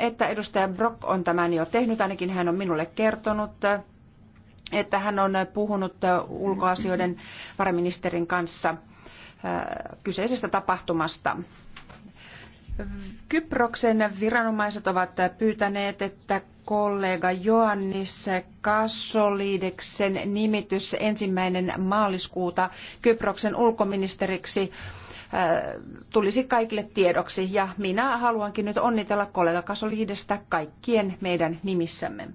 että edustaja Brock on tämän jo tehnyt, ainakin hän on minulle kertonut, että hän on puhunut ulkoasioiden varaministerin kanssa äh, kyseisestä tapahtumasta. Kyproksen viranomaiset ovat pyytäneet, että kollega Joannis Kassolideksen nimitys ensimmäinen maaliskuuta Kyproksen ulkoministeriksi tulisi kaikille tiedoksi. Ja minä haluankin nyt onnitella kollega Kasolihidestä kaikkien meidän nimissämme.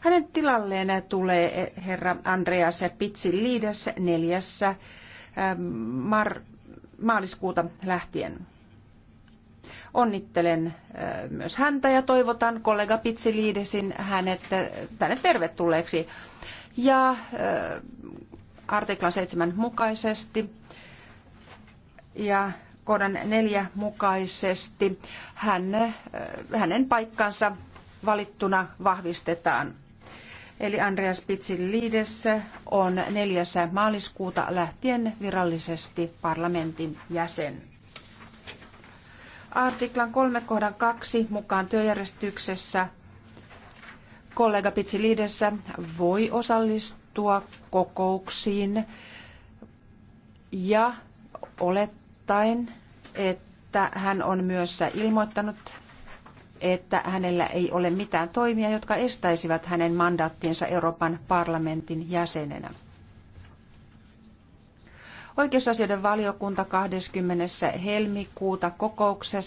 Hänen tilalleen tulee herra Andreas Pitsiliides neljässä maaliskuuta lähtien. Onnittelen myös häntä ja toivotan kollega Pitsiliidesin hänet tänne tervetulleeksi. Ja artiklan 7 mukaisesti ja kohdan neljä mukaisesti hän, äh, hänen paikkansa valittuna vahvistetaan. Eli Andreas Pizzilides on 4. maaliskuuta lähtien virallisesti parlamentin jäsen. Artiklan 3 kohdan 2 mukaan työjärjestyksessä kollega Pizzilidessä voi osallistua kokouksiin ja olet osoittaen, että hän on myös ilmoittanut, että hänellä ei ole mitään toimia, jotka estäisivät hänen mandaattiensa Euroopan parlamentin jäsenenä. Oikeusasioiden valiokunta 20. helmikuuta kokouksessa